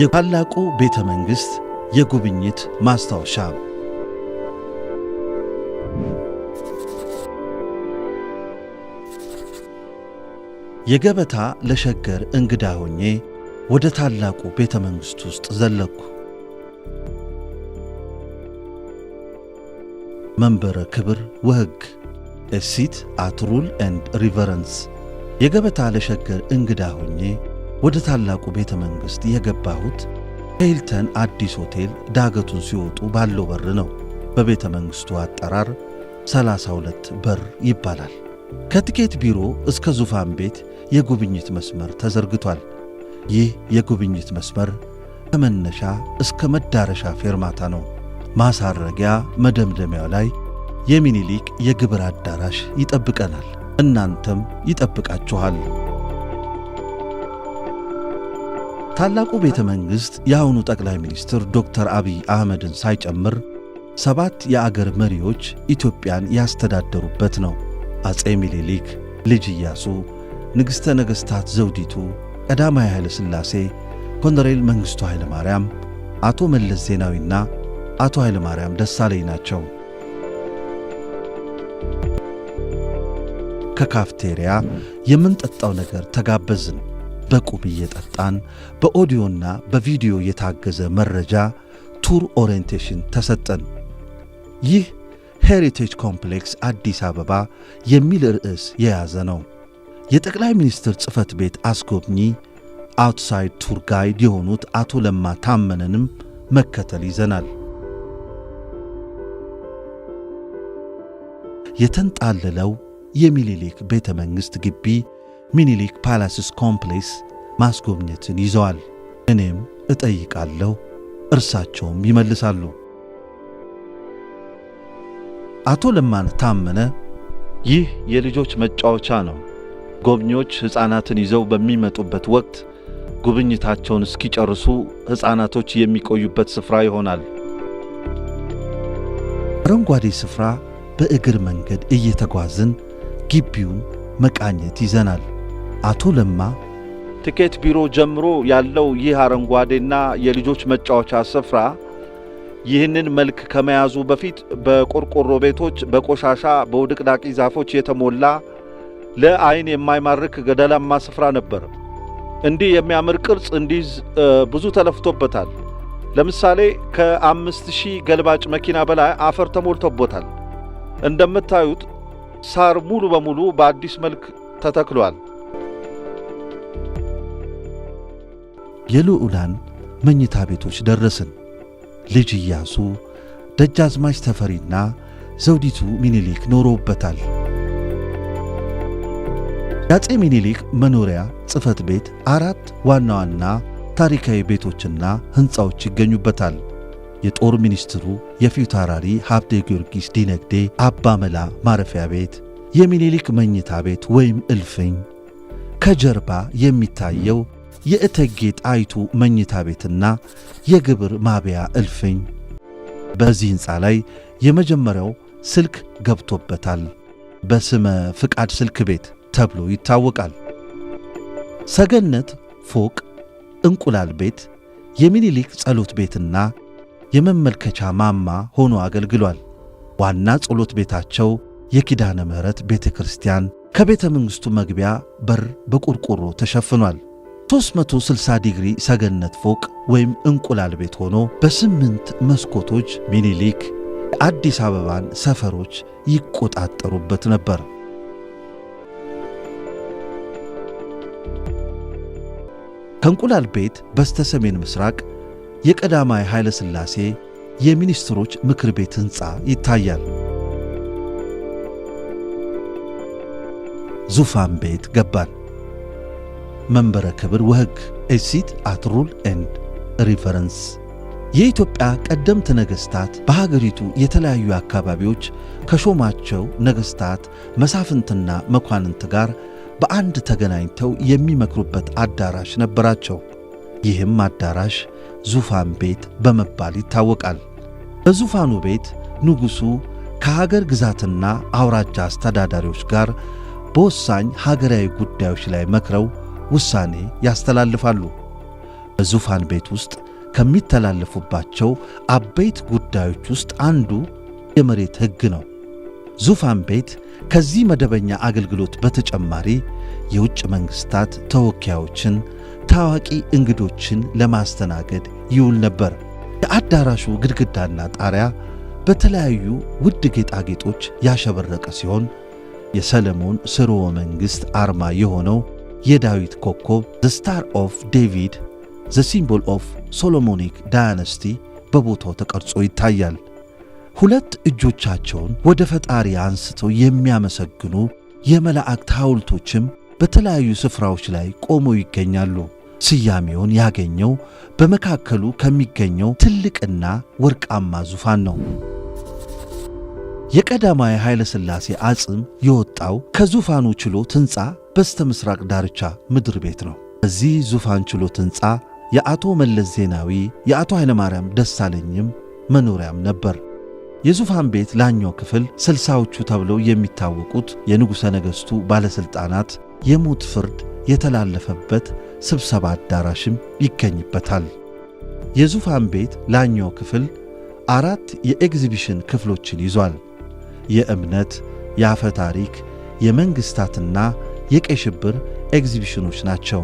የታላቁ ቤተ መንግሥት የጉብኝት ማስታወሻ የገበታ ለሸገር እንግዳ ሆኜ ወደ ታላቁ ቤተ መንግሥት ውስጥ ዘለኩ። መንበረ ክብር ወህግ ኤሲት አትሩል ኤንድ ሪቨረንስ የገበታ ለሸገር እንግዳ ሆኜ ወደ ታላቁ ቤተ መንግሥት የገባሁት ከሂልተን አዲስ ሆቴል ዳገቱን ሲወጡ ባለው በር ነው። በቤተ መንግሥቱ አጠራር 32 በር ይባላል። ከትኬት ቢሮ እስከ ዙፋን ቤት የጉብኝት መስመር ተዘርግቷል። ይህ የጉብኝት መስመር ከመነሻ እስከ መዳረሻ ፌርማታ ነው። ማሳረጊያ መደምደሚያው ላይ የሚኒሊክ የግብር አዳራሽ ይጠብቀናል። እናንተም ይጠብቃችኋል። ታላቁ ቤተ መንግሥት የአሁኑ ጠቅላይ ሚኒስትር ዶክተር አብይ አህመድን ሳይጨምር ሰባት የአገር መሪዎች ኢትዮጵያን ያስተዳደሩበት ነው። አፄ ሚኒሊክ፣ ልጅ ኢያሱ፣ ንግሥተ ነገሥታት ዘውዲቱ፣ ቀዳማዊ ኃይለ ሥላሴ፣ ኮሎኔል መንግሥቱ ኃይለ ማርያም፣ አቶ መለስ ዜናዊና አቶ ኃይለ ማርያም ደሳለኝ ናቸው። ከካፍቴሪያ የምንጠጣው ነገር ተጋበዝን። በቁም እየጠጣን በኦዲዮና በቪዲዮ የታገዘ መረጃ ቱር ኦሪየንቴሽን ተሰጠን። ይህ ሄሪቴጅ ኮምፕሌክስ አዲስ አበባ የሚል ርዕስ የያዘ ነው። የጠቅላይ ሚኒስትር ጽፈት ቤት አስጎብኚ አውትሳይድ ቱር ጋይድ የሆኑት አቶ ለማ ታመነንም መከተል ይዘናል። የተንጣለለው የሚኒሊክ ቤተ መንግሥት ግቢ ሚኒሊክ ፓላስስ ኮምፕሌስ ማስጎብኘትን ይዘዋል። እኔም እጠይቃለሁ፣ እርሳቸውም ይመልሳሉ። አቶ ለማን ታመነ ይህ የልጆች መጫወቻ ነው። ጎብኚዎች ሕፃናትን ይዘው በሚመጡበት ወቅት ጉብኝታቸውን እስኪጨርሱ ሕፃናቶች የሚቆዩበት ስፍራ ይሆናል። አረንጓዴ ስፍራ በእግር መንገድ እየተጓዝን ግቢውን መቃኘት ይዘናል። አቶ ለማ ትኬት ቢሮ ጀምሮ ያለው ይህ አረንጓዴና የልጆች መጫወቻ ስፍራ ይህንን መልክ ከመያዙ በፊት በቆርቆሮ ቤቶች፣ በቆሻሻ በውድቅዳቂ ዛፎች የተሞላ ለአይን የማይማርክ ገደላማ ስፍራ ነበር። እንዲህ የሚያምር ቅርጽ እንዲይዝ ብዙ ተለፍቶበታል። ለምሳሌ ከአምስት ሺህ ገልባጭ መኪና በላይ አፈር ተሞልቶበታል። እንደምታዩት ሳር ሙሉ በሙሉ በአዲስ መልክ ተተክሏል። የልዑላን መኝታ ቤቶች ደረስን። ልጅ ኢያሱ፣ ደጃዝማች ተፈሪና ዘውዲቱ ሚኒሊክ ኖረውበታል። የአፄ ሚኒሊክ መኖሪያ ጽሕፈት ቤት አራት ዋና ዋና ታሪካዊ ቤቶችና ሕንፃዎች ይገኙበታል። የጦር ሚኒስትሩ የፊታውራሪ ሀብቴ ጊዮርጊስ ዲነግዴ አባ መላ ማረፊያ ቤት፣ የሚኒሊክ መኝታ ቤት ወይም እልፍኝ፣ ከጀርባ የሚታየው የእቴጌ ጣይቱ መኝታ ቤትና የግብር ማቢያ እልፍኝ። በዚህ ሕንፃ ላይ የመጀመሪያው ስልክ ገብቶበታል። በስመ ፍቃድ ስልክ ቤት ተብሎ ይታወቃል። ሰገነት ፎቅ፣ እንቁላል ቤት፣ የሚኒሊክ ጸሎት ቤትና የመመልከቻ ማማ ሆኖ አገልግሏል። ዋና ጸሎት ቤታቸው የኪዳነ ምሕረት ቤተ ክርስቲያን ከቤተ መንግሥቱ መግቢያ በር በቆርቆሮ ተሸፍኗል። 360 ዲግሪ ሰገነት ፎቅ ወይም እንቁላል ቤት ሆኖ በስምንት መስኮቶች ሚኒሊክ የአዲስ አበባን ሰፈሮች ይቆጣጠሩበት ነበር። ከእንቁላል ቤት በስተ ሰሜን ምስራቅ የቀዳማዊ ኃይለ ሥላሴ የሚኒስትሮች ምክር ቤት ሕንፃ ይታያል። ዙፋን ቤት ገባን። መንበረ ክብር ወህግ ኤሲት አትሩል ኤንድ ሪፈረንስ የኢትዮጵያ ቀደምት ነገሥታት በሀገሪቱ የተለያዩ አካባቢዎች ከሾማቸው ነገሥታት መሳፍንትና መኳንንት ጋር በአንድ ተገናኝተው የሚመክሩበት አዳራሽ ነበራቸው። ይህም አዳራሽ ዙፋን ቤት በመባል ይታወቃል። በዙፋኑ ቤት ንጉሡ ከሀገር ግዛትና አውራጃ አስተዳዳሪዎች ጋር በወሳኝ ሀገራዊ ጉዳዮች ላይ መክረው ውሳኔ ያስተላልፋሉ። በዙፋን ቤት ውስጥ ከሚተላለፉባቸው አበይት ጉዳዮች ውስጥ አንዱ የመሬት ሕግ ነው። ዙፋን ቤት ከዚህ መደበኛ አገልግሎት በተጨማሪ የውጭ መንግሥታት ተወካዮችን፣ ታዋቂ እንግዶችን ለማስተናገድ ይውል ነበር። የአዳራሹ ግድግዳና ጣሪያ በተለያዩ ውድ ጌጣጌጦች ያሸበረቀ ሲሆን የሰለሞን ሥርወ መንግሥት አርማ የሆነው የዳዊት ኮከብ፣ ዘ ስታር ኦፍ ዴቪድ፣ ዘ ሲምቦል ኦፍ ሶሎሞኒክ ዳያነስቲ በቦታው ተቀርጾ ይታያል። ሁለት እጆቻቸውን ወደ ፈጣሪ አንስተው የሚያመሰግኑ የመላእክት ሐውልቶችም በተለያዩ ስፍራዎች ላይ ቆመው ይገኛሉ። ስያሜውን ያገኘው በመካከሉ ከሚገኘው ትልቅና ወርቃማ ዙፋን ነው። የቀዳማዊ ኃይለ ሥላሴ አጽም የወጣው ከዙፋኑ ችሎት ሕንፃ በስተ ምሥራቅ ዳርቻ ምድር ቤት ነው። በዚህ ዙፋን ችሎት ሕንፃ የአቶ መለስ ዜናዊ የአቶ ኃይለማርያም ደሳለኝም መኖሪያም ነበር። የዙፋን ቤት ላኛው ክፍል ስልሳዎቹ ተብለው የሚታወቁት የንጉሠ ነገሥቱ ባለሥልጣናት የሞት ፍርድ የተላለፈበት ስብሰባ አዳራሽም ይገኝበታል። የዙፋን ቤት ላኛው ክፍል አራት የኤግዚቢሽን ክፍሎችን ይዟል። የእምነት፣ የአፈ ታሪክ፣ የመንግሥታትና የቀይ ሽብር ኤግዚቢሽኖች ናቸው።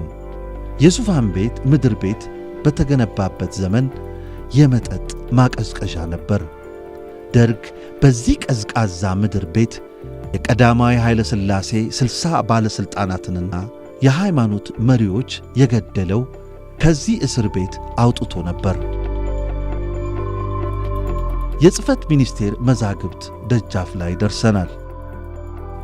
የዙፋን ቤት ምድር ቤት በተገነባበት ዘመን የመጠጥ ማቀዝቀዣ ነበር። ደርግ በዚህ ቀዝቃዛ ምድር ቤት የቀዳማዊ ኃይለ ሥላሴ ስልሳ ባለሥልጣናትንና የሃይማኖት መሪዎች የገደለው ከዚህ እስር ቤት አውጥቶ ነበር። የጽህፈት ሚኒስቴር መዛግብት ደጃፍ ላይ ደርሰናል።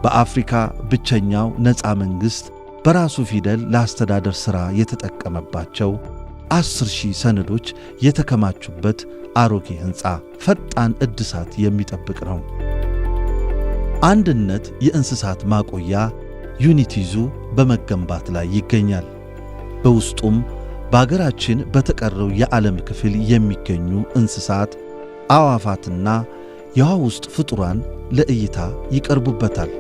በአፍሪካ ብቸኛው ነፃ መንግሥት በራሱ ፊደል ለአስተዳደር ሥራ የተጠቀመባቸው ዐሥር ሺህ ሰነዶች የተከማቹበት አሮጌ ሕንፃ ፈጣን እድሳት የሚጠብቅ ነው። አንድነት የእንስሳት ማቆያ ዩኒቲ ዙ በመገንባት ላይ ይገኛል። በውስጡም በአገራችን በተቀረው የዓለም ክፍል የሚገኙ እንስሳት አዋፋትና የውሃ ውስጥ ፍጡራን ለእይታ ይቀርቡበታል።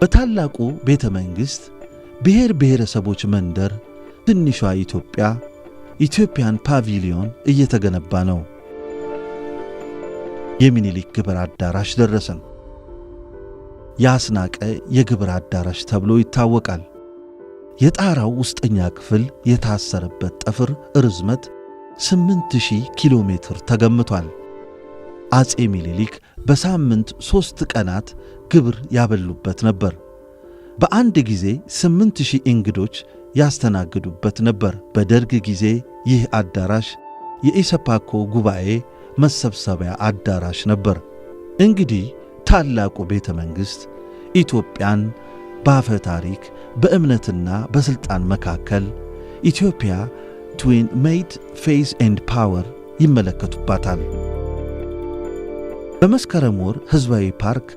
በታላቁ ቤተ መንግሥት ብሔር ብሔረሰቦች መንደር ትንሿ ኢትዮጵያ ኢትዮጵያን ፓቪሊዮን እየተገነባ ነው። የሚኒሊክ ግብር አዳራሽ ደረሰን። ያስናቀ የግብር አዳራሽ ተብሎ ይታወቃል። የጣራው ውስጠኛ ክፍል የታሰረበት ጠፍር ርዝመት 8000 ኪሎ ሜትር ተገምቷል። አጼ ሚኒሊክ በሳምንት ሦስት ቀናት ግብር ያበሉበት ነበር። በአንድ ጊዜ 8000 እንግዶች ያስተናግዱበት ነበር። በደርግ ጊዜ ይህ አዳራሽ የኢሰፓኮ ጉባኤ መሰብሰቢያ አዳራሽ ነበር። እንግዲህ ታላቁ ቤተ መንግሥት ኢትዮጵያን በአፈ ታሪክ በእምነትና በሥልጣን መካከል ኢትዮጵያ ትዊን ሜድ ፌዝ ኤንድ ፓወር ይመለከቱባታል። በመስከረም ወር ሕዝባዊ ፓርክ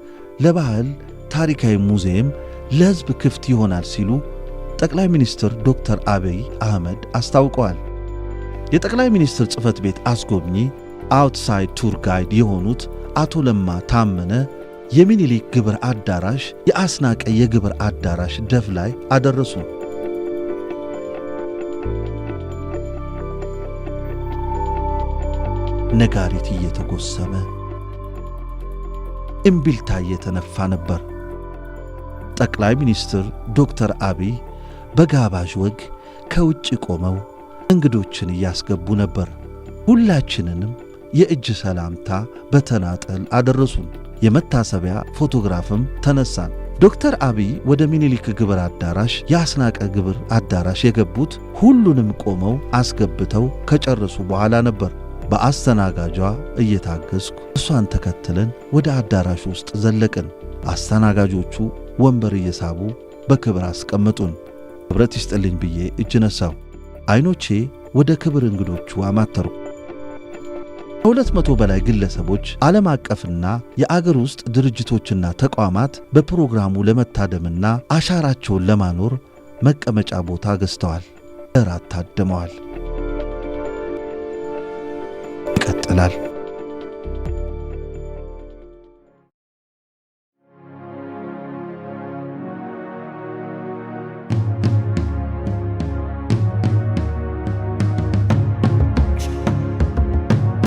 ለባህል ታሪካዊ ሙዚየም ለሕዝብ ክፍት ይሆናል ሲሉ ጠቅላይ ሚኒስትር ዶክተር አብይ አህመድ አስታውቀዋል። የጠቅላይ ሚኒስትር ጽሕፈት ቤት አስጎብኚ አውትሳይድ ቱር ጋይድ የሆኑት አቶ ለማ ታመነ የሚኒሊክ ግብር አዳራሽ የአስናቀ የግብር አዳራሽ ደፍ ላይ አደረሱ። ነጋሪት እየተጎሰመ እምቢልታ እየተነፋ ነበር። ጠቅላይ ሚኒስትር ዶክተር አብይ በጋባዥ ወግ ከውጭ ቆመው እንግዶችን እያስገቡ ነበር። ሁላችንንም የእጅ ሰላምታ በተናጠል አደረሱን። የመታሰቢያ ፎቶግራፍም ተነሳን። ዶክተር አብይ ወደ ሚኒሊክ ግብር አዳራሽ የአስናቀ ግብር አዳራሽ የገቡት ሁሉንም ቆመው አስገብተው ከጨረሱ በኋላ ነበር። በአስተናጋጇ እየታገዝኩ እሷን ተከትለን ወደ አዳራሹ ውስጥ ዘለቅን። አስተናጋጆቹ ወንበር እየሳቡ በክብር አስቀምጡን። ኅብረት ይስጥልኝ ብዬ እጅ ነሳው። ዐይኖቼ ወደ ክብር እንግዶቹ አማተሩ። ከሁለት መቶ በላይ ግለሰቦች ዓለም አቀፍና የአገር ውስጥ ድርጅቶችና ተቋማት በፕሮግራሙ ለመታደምና አሻራቸውን ለማኖር መቀመጫ ቦታ ገዝተዋል፣ እራት ታድመዋል። ይቀጥላል።